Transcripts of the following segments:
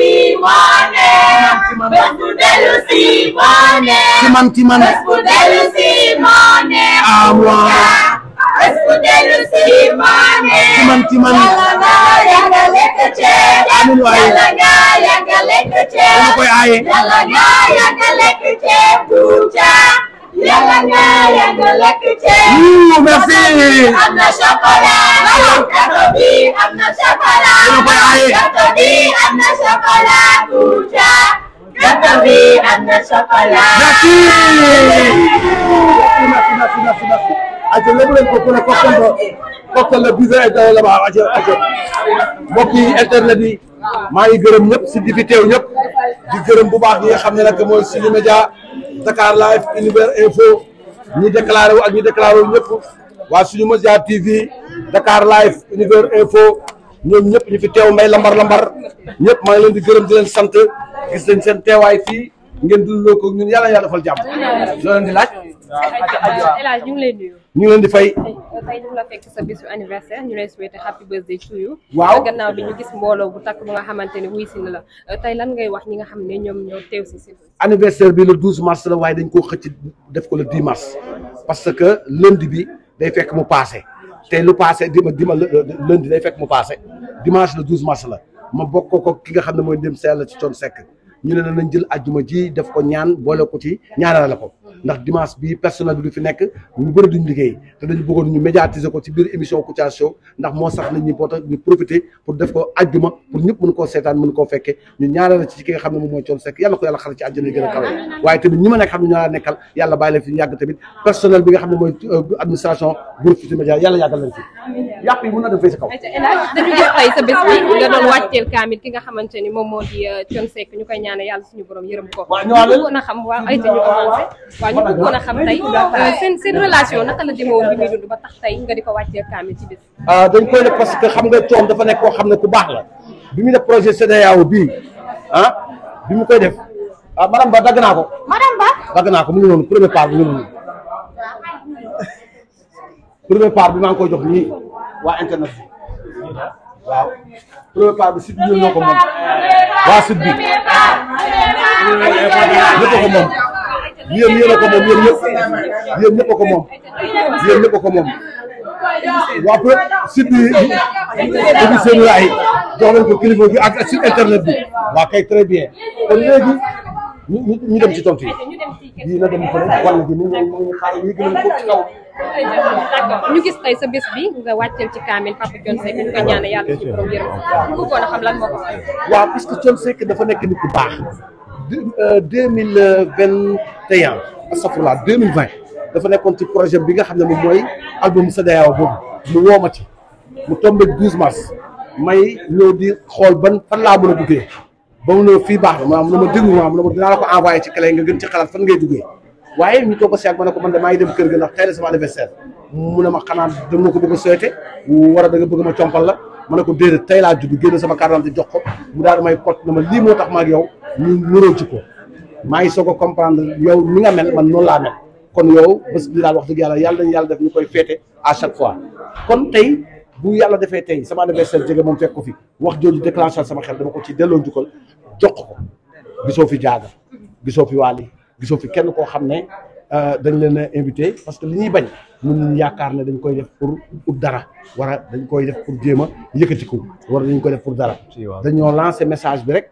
si moone. bés bu dellu si moone. timan timan. bés bu dellu si moone. awa. bés bu dellu si moone. timan timan. yàlla naa yàgga lekk ceeb. amiin waay yàlla naa yàgga lekk ceeb. dama koy aaye. yàlla naa yàgga lekk ceeb tuuta. yàlla naa yàgga lekk ceeb. merci. am na chocolat. يقتضي أن شفلا توجد يقتضي أن شفلا ajë lépp leen ko ku ne koktal ba koktal yi maa ngi gërëm ñëpp si di ñëpp di gërëm bu baax ñi xam ne nag mooy Sunu Média Dakar Live Univers Info ñi déclaré wu ak ñi déclaré wu ñëpp waa Sunu Média Univers Info ñoom ñëpp ñu fi teew mbay lambar lambar ñëpp maa ngi leen di gërëm di leen sant gis nañ seen teewaay fii ngeen dundoo ko ñun yàlla yàlla defal jàmm loo leen ñu leen di fay. tey ñu la ñu lay souhaité happy birthday to you. waaw gannaaw bi ñu gis mbooloo bu takk bu nga xamante ne wuy si la tey lan ngay wax ñi nga xam ne ñoom ñoo teew si si. anniversaire bi le 12 mars la waaye dañ koo xëcc def ko la 10 mars parce que lundi bi day fekk mu passé. te lu passé dima dima lundi day fekk mu passé dimanche le 12 mars la ma bokk ko ki nga xam ne mooy Ndem Sall ci Thione Seck ñu ne nañ jël ajjuma ji def ko ñaan boole ko ci ñaanal la ko ndax dimanche bii personnel bi du fi nekk ñu bëri duñ liggéey te dañu bëggoon ñu médiatiser ko ci biir émission Kouthia Show ndax moo sax nañ ñi boo ñu profiter pour def ko ajjuma pour ñëpp ma nekk xam ne ñoo la nekkal yàlla bàyyi leen fi ñu yàgg tamit personnel bi nga xam ne mooy euh, administration Groupe nga doon wàcceel moom moo di euh, Thione Seck ñu koy ñaane yàlla suñu borom yërëm ko ñu ko na xam waaw ay ñu ko waaw ñu bëggoon a xam tey seen seen relation naka la bi muy dund ba tax tey nga di ko wàccee kaamil ci bés. ah dañ koy def parce que xam nga coom dafa nekk koo xam ne ku baax la bi muy def projet CEDEAO bii ah bi mu koy def ah Ba dagg naa ko. madame Ba dagg naa ko mu ngi noonu premier part bi mu ngi noonu premier maa ngi koy jox nii waa internet waaw premier part bi site bi ñoo ko moom waa site bi yéen yéen a ko moom yéen ñëpp yéen ñëpp a ko moom yéen ñëpp a ko moom waa peut site bi bi seen laay jox nañ ko kilifa bi ak site internet bi waa kay très bien kon léegi ñu ñu dem ci tontu yi yii na dem fële wàll gi ni ñu ñu xaar yi gën a ko ci kaw. ñu gis tey sa bés bi nga wàcceel ci kaamil Papa Thione Seck nga ñaan yàlla ci borom yërëm nga ko xam lan moo ko waaw parce que Thione Seck dafa nekk nit ku baax. Euh, deux mille vingt et un astafurlah deux mille vingt dafa nekkoon ci projet bi nga xam ne moom mooy album Sadayaaw boobu mu woo ma ci mu tombé douze mars may ñëw di xool ban fan laa a duggee ba mu ne fii baax na maanaam mu ne ma déglu mu ne ma dinaa ko envoyé ci clé nga gën maa ngi dem kër ndax tey la sama anniversaire mu ne ma xanaa ko bëgg a war a da bëgg ma compal la ma ne ko déedéet tey laa judd génn sama carte jox ko mu daal may code na ma lii moo tax ma ak yow ñu nuróo ci ko maa ngi soog a comprendre yow ni nga mel man noonu laa mel kon yow bés bi daal wax dëgg yàlla yàlla nañu yàlla def ñu koy féete à chaque fois kon tey bu yàlla defee tey sama anniversaire jege moom fekk ko fi wax jooju déclenché sama xel dama ko ci delloo njukkal jox ko gisoo fi jaaga gisoo fi waali gisoo fi kenn koo xam ne euh, dañ leen a invité parce que li ñuy bañ mun yaakaar ne dañ koy def pour ut dara wala dañ koy def pour jéem a yëkkatiku wala dañ koy def pour dara dañoo lancé message bi rek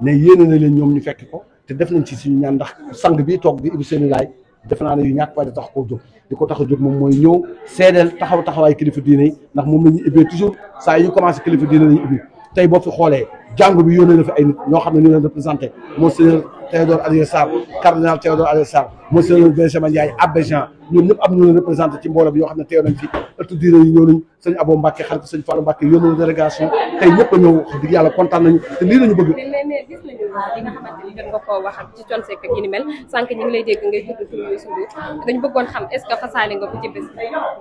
ne yéene na leen ñoom ñu fekk ko te def nañ ci suñu ñaan ndax sang bi toog bi Ibou Seyni Laay defe naa ne yu ñàkk fayda tax koo jóg di ko tax a jóg moom mooy ñëw seedeel taxaw taxawaay kilifa diine yi ndax moom la ñuy ubbee toujours saa yu commencé kilifa diine lañu ubbi tey boo fi xoolee jàngu bi yónnee na fi ay ñoo xam ne ñu leen représenté monseigneur Théodore Adrien Sarr cardinal Théodore Adrien Sarr monseigneur Benjamin Ndiaye abbé Jean ñoom ñëpp am ñu représenté ci mbooloo bi yoo xam ne teew nañ fi ëttu diine yi ñëw nañ sëñ Abo Mbacke xarit sëñ Fallou Mbacke tey ñëpp a ñëw wax dëgg yàlla kontaan nañu te lii lañu bëgg li nga xamante ni jot nga koo wax ci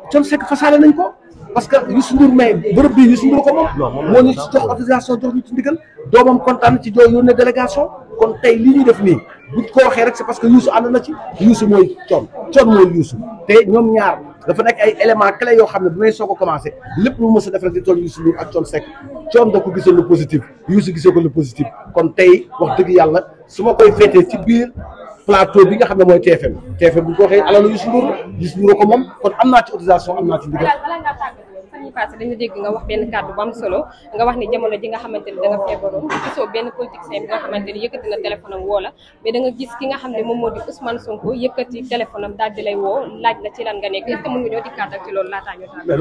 Thione Seck fasaale nañ ko parce que Youssou Ndour may bërëb bi Youssou Ndour ko moom moo ñu ci jox autorisation jox ñu ci doomam kontaan ci joo yónnee délégation kon tey li ñuy def nii buñ ko waxee rek c'est parce que Youssou ànd na ci Youssou mooy Thione Thione mooy Youssou te ñoom ñaar dafa nekk ay éléments yoo xam ne bu may soog a commencé lépp lu mës a def rek di tool Youssou Ndour ak Thione Seck Thione da ko gisee lu positif Youssou gisee ko lu positif kon tey wax dëgg yàlla su ma koy féetee ci biir plateau bi nga xam ne mooy TFM TFM bu ñu ko waxee alalu Youssou Ndour Youssou Ndour ko moom kon am naa ci autorisation am naa ci ndigal fan yi passé dañu dégg nga wax benn kàddu bu am solo nga wax ni jamono ji nga xamante ni da benn politicien bi nga xamante yëkkati na téléphone am woo la gis ki nga xam ne moom di Ousmane Sonko yëkkati téléphone daal di lay laaj la ci nga nekk est-ce nga ñoo dikkaat ak ci loolu laataa ñu mais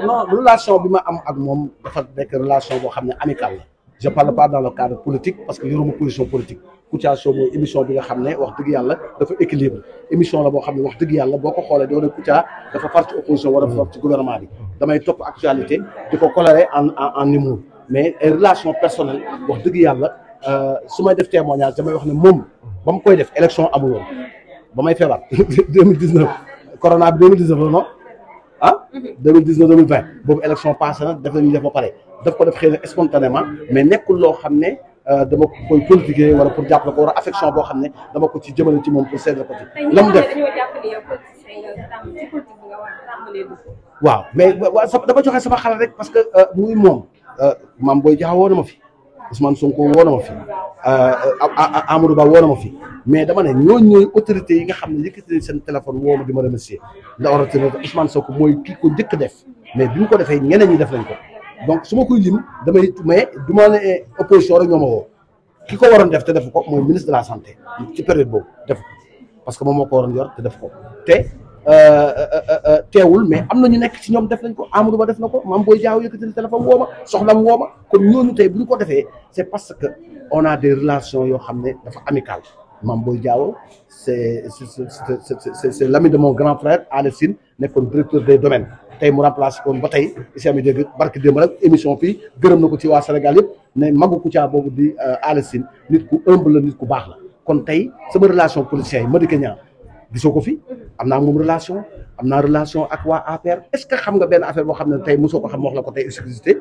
loolu waxoon ah. loolu xam ne amicale la je parle pas dans le cadre politique parce que yoruma position politique Kouthia Show mooy émission bi nga xam ne wax dëgg yàlla dafa équilibre émission la boo xam ne wax dëgg yàlla boo ko xoolee doo ne Kouthia dafa far ci opposition wala far ci gouvernement bi damay topp actualité di ko coloré en en humour mais ay relation personnelle euh, may wax ne moom ba mu koy def élection amul woon may feebar 2019 corona bi 2019 la non ah 2019 2020 boobu élection na def nañu def ba pare daf ko def xëy na mais nekkul loo xam ne Euh, dama ko koy politiquer wala pour jàppale ko wala affection boo xam ne dama ko ci jëmale ci moom pour seetlu ko ci. la mu def waaw mais dama joxe sama xalaat rek parce que euh, muy moom euh, maam booy jaxa woo na ma fi Ousmane Sonko woo na ma fi Amadou Ba woo na ma fi mais dama ne ñooñu ñooy autorités yi nga xam ne yëkkati nañ seen téléphone woo ma di ma remercier ndax Ousmane Sonko mooy kii ko njëkk def mais bi mu ko defee ñeneen ñi def nañ ko. donc su ma koy lim damay mais du ma ne opposition rek ñoo ma ki ko waroon def te def ko mooy ministre de la santé ci période boobu def parce que moom moo ko waroon yor te def ko te euh, euh, euh, teewul mais am na ñu nekk ci ñoom def nañ ko Amadou Ba def na ko Mame Boye Diao yëkkati na téléphone woo ma soxlam woo ma kon ñooñu tey bu ñu ko defee c'est parce que on a des relations yoo xam ne dafa amicales Mame Boye Diao c'est c'est c'est l'ami de mon grand frère Alé Sine nekkoon directeur des domaines tey mu remplacé koon ba tey si ami dégg barke démb rek émission fii gërëm na ko ci waa Sénégal yëpp ne magu Kouthia boobu di euh, Alé Sine nit ku humble la nit ku baax la kon tey sama relation politicien yi Madické Niang gisoo ko fi am naa moom relation am naa relation ak waa APR est-ce que xam nga benn affaire boo xam ne tey mosoo ko xam wax la ko tey exclusivité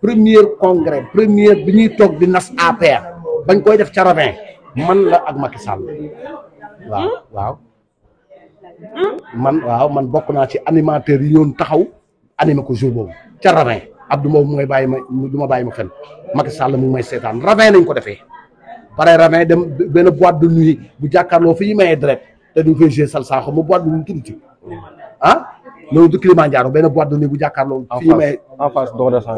premier congrès bi ñuy toog di nas APR koy def ca Ravin man la ak Macky Sall waaw waaw man waaw man bokk naa ci animateur yi yoon taxaw animé ko jour boobu ca Ravin Abdou Mbow mu ngay bàyyi ma du ma bàyyi ma fen Macky Sall mu ngi may seetaan Ravin nañ ko defee pare Ravin dem benn boîte de nuit bu jàkkaarloo fi ñu mayee deret te duñ koy joué salsaaxo mu boîte de nuit tudd ci ah loolu du Kilimanjaro benn boîte de nuit bu jàkkaarloo fi ñu mayee en face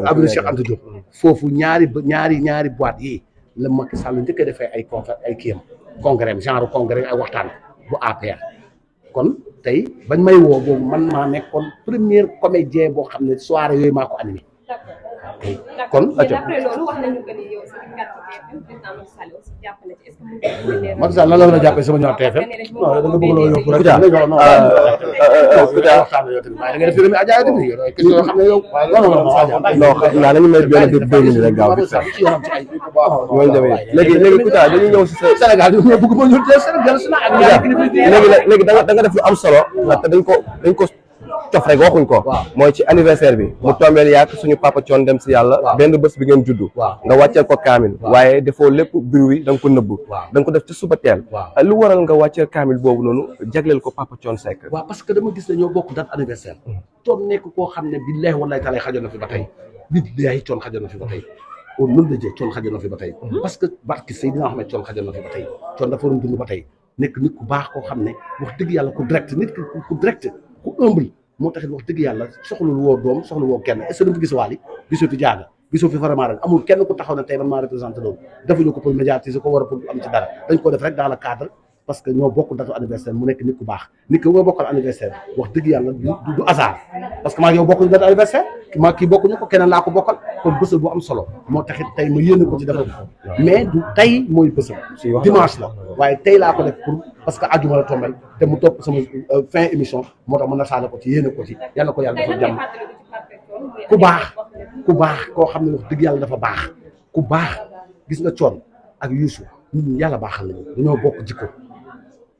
Avenue Cheikh Anta Diop foofu ñaari ñaari ñaari boîte yi la Macky Sall njëkk a defee ay conférence ay kiyam congrès genre congrès ay waxtaan bu APR kon tey bañ may woo bo man maa premiere premier comédien boo xam ne soirée yooyu maa ko kon acca Macky Sall nan la mën a jàppee sama ñëwaat TFM non da nga bëgg loo yokk rek da nga waxtaan yow tamit waaye da nga def tamit ajaay tamit yow question yoo xam ne yow non non non xam naa dañu may benn deux minutes rek gaaw bi sax ñooñu demee léegi léegi Kouta dañuy ñëw si Sénégal ñoo bëgg ma ñëw Sénégal léegi léegi da nga def lu am solo te dañ ko dañ ko cof rek waxuñ ko mooy ci anniversaire bi mu tombeel yaak suñu papa coon dem si yàlla benn bés bi ngeen juddu nga wàcceel ko kaamil waaye defoo lépp biir wi da nga ko nëbb da ko def ci suba teel euh, lu waral nga wàcceel kaamil boobu noonu jagleel ko papa coon Seck waaw parce que dama gis ne ñoo bokk date anniversaire mm. toon nekk koo xam ne billahi wallahi taala xajoon na fi ba tey billahi coon xajoon na ba tey kon loolu la jël coon xajoon na fi ba tey coon mm-hmm. dafa waroon dund koo xam ne wax dëgg yàlla ku direct nit moo taxit wax dëgg yàlla soxlul woo doom soxlu woo kenn est-ce que dama gis Wally gisoo fi jaaga gisoo fi vraiment amul kenn ku taxaw tey man maa représenté loolu defuñu ko pour médiatiser ko war a pour am anniversaire mu nekk nit ku baax nit ku nga bokkal anniversaire wax dëgg yàlla du du parce que maa yow bokkuñu bokkuñu ko keneen laa ko bokkal kon bésal bu am solo moo taxit tey ma yéene ko ci defal mais du tey mooy bésal dimanche la waaye parce que àjjuma la tombel te mu topp sama euh, fin émission moo tax mën a xaale ko ci yéene ko ci yàlla ko yàlla dafa baax ku baax koo xam ne wax dëgg yàlla dafa baax ku baax gis nga coon ak Youssou nit ñi yàlla baaxal nañu dañoo bokk jikko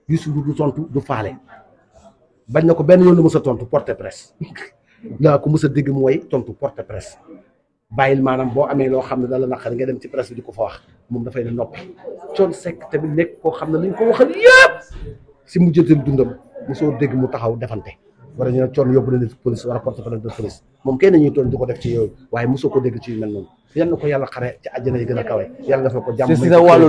Youssou du tontu du faale bañ na ko benn yoon la mës tontu porte presse ndaa ko mës dégg mu way tontu porte presse bàyyil maanaam boo amee loo xam ne dala naqari nga dem ci presse bi di ko fa wax moom dafay ne noppi Thione Seck tamit nekk koo xam ne dañ ko waxal yëpp si mu mujjante dundam mu mosoo dégg mu taxaw defante wala ñu ne coon yóbbu nañu police war a porter plainte de police moom kenn ñuy tooñ di ko waaye mosoo ko dégg ci mel noonu yal na ko yàlla xare ci àjjana yi gën a kawe si sa wàllu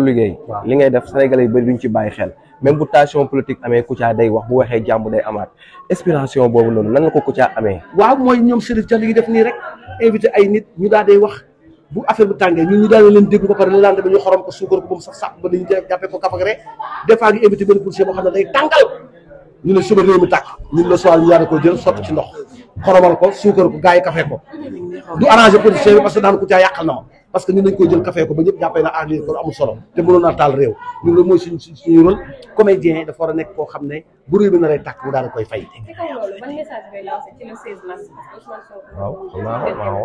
liggéey li ngay def sénégalais yi bëri duñ ci bàyyi xel même bu tension politique amee Kouthia day wax bu waxee jàmm day amaat inspiration boobu noonu nan la ko Kouthia amee waaw mooy ñoom Serigne Thiam yi def nii rek invité ay nit ñu daal day wax bu affaire bi tàngee ñun ñu daal leen déglu ba pare la lendemain ñu xorom ko suukar ko moom ñu ne suba réew mi tàkk ñun le soir ñu yaa ko jël sotti ci ndox xoromal ko suukar ko gars yi kafe ko du arrangé politicien bi parce que daan ku caa yàqal na ma parce que ñu dañ koy jël café ko ba ñëpp jàppee na ah lii kon amul te mënoon naa taal réew ñun loolu mooy suñ suñu rôle comédien dafa war a nekk koo xam ne bu réew bi naree tàkk koy fay. waaw waaw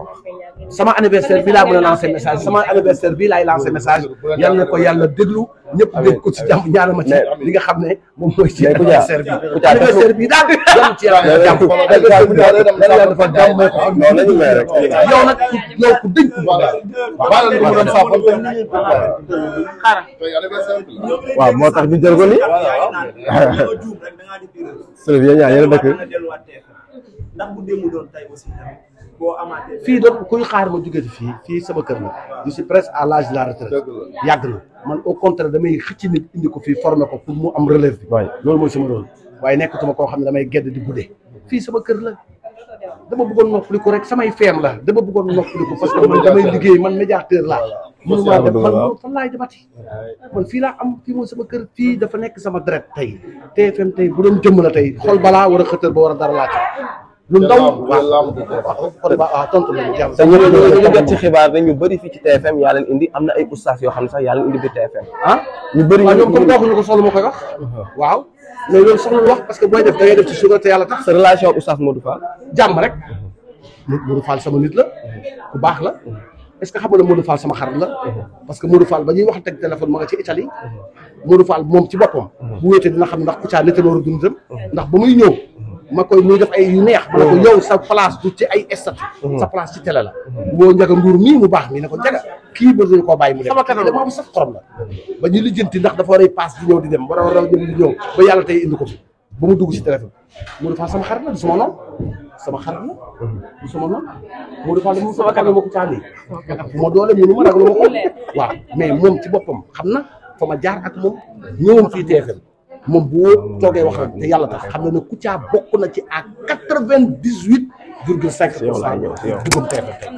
sama anniversaire a lancer message sama anniversaire bi laay lancer message yal na ko yàlla déglu ñëpp dégg ko jàmm ñaanal ci li nga xam ne moom mooy ci anniversaire bi anniversaire bi daal yàlla ci yàlla na jàmm anniversaire bi daal ko yow waaw lu waaw moo tax ñu jël ko nii. sëriñ yéen ñaa yéen a dëkk. fii doon kuy xaar ma jógee fii fii sama kër la mu suis presque à l'âge la retraite yàgg na man au contraire damay xëcc nit indi ko fii formé ko pour mu am relève bi. loolu mooy sama rôle waaye nekkatuma koo xam ne damay gedd di guddee fii sama kër la. dama bëggoon noppaliku rek samay feem la dama bëggoon noppaliku parce que man damay liggéey man médiateur laa mënumaa def man fan laay defati man fii laa am fii mooy sama kër fii dafa nekk sama deret tey TFM tey bu doon jëmm la tey xool balaa war a xëtër ba war a dara laaj lu ndaw waaw waaw ah, tontu la ñu. te ñëpp ñu jot ci xibaar bi ñu bëri fii ci TFM yaa leen indi am na ay ustaas yoo xam ne sax yàlla leen indi bi TFM. ah ñu bëri ñu ñoom comme ko waaw mais parce que booy def da te yàlla tax. sa relation ak ustaas Modou Fall. jàmm rek Modou Fall sama nit la ku baax la. est-ce que xam nga sama xarit la parce que Modou ba ñuy wax teg téléphone ma nga ci Italie Modou Fall moom ci boppam. bu wéetee dina xam ndax Kouthia nit a war a dundam ndax ba muy ñëw ma koy muy def ay yu neex ma ne ko mm. yow sa place du ci ay statut mm. sa place ci télé la mm. woo njaga nduur mii mu baax mii ne ko njaga kii ba duñu koo bàyyi mu dem sama kanam am sax xorom la ba ñu lijjanti ndax dafa war a paas di ñëw di dem war a raw yàlla tey indi ko fi ba mu dugg si téléphone Modou Fall sama xarit la du sama noon sama xarit la du sama noon Modou Fall sama kanam ma ko caani moo doole mënu ma ragalu ma ko waaw mais moom ci boppam xam na fa ma jaar ak moom ñëwam fii TFM moom bu wóor ah, toogee wax rek te yàlla tax xam na ne caab bokk na ci à quatre vingt dix huit virgule cinq pour cent dugub TFM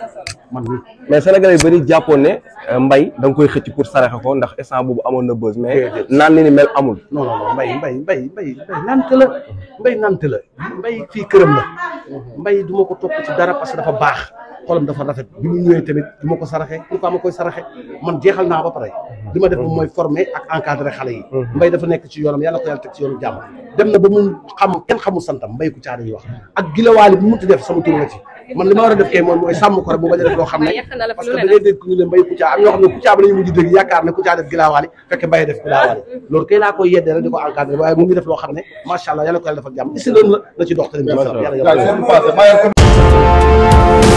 man mais sénégalais yi bari jàppoon ne euh, mbay da nga koy xëcc pour saraxe ko ndax instant boobu amoon na buzz mais naan ni ni mel amul non mbay mbay mbay mbay mbay nante la mbay nante la mbay fii këram la mbay du ma ko topp ci dara parce que dafa baax xolam dafa rafet bi mu ñëwee tamit du ko saraxe pourquoi ma koy saraxe man jeexal naa ba pare ma def moom mooy former ak encadrer xale yi mhm. mbay dafa nekk ci yoonam yàlla ko yàlla teg ci yoonu jàmm dem na ba mu xam kenn xamul santam mbay ku caada yi wax ak gilawaali bu mu munti def sama tur la ci man li ma war a def kay moom mooy sàmm ko rek bu bañ a def loo xam ne parce que da ngay dégg ku ñu ne mbay am ñoo xam ne Kouthia ba la ñu mujj dégg ne Kouthia def gilaawaali fekk mbay def gilaawaali loolu kay laa koy yeddee rek di ko encadré waaye mu def loo xam ne macha allah yàlla ko yàlla dafa jàmm isi loolu la na ci dox tali yàlla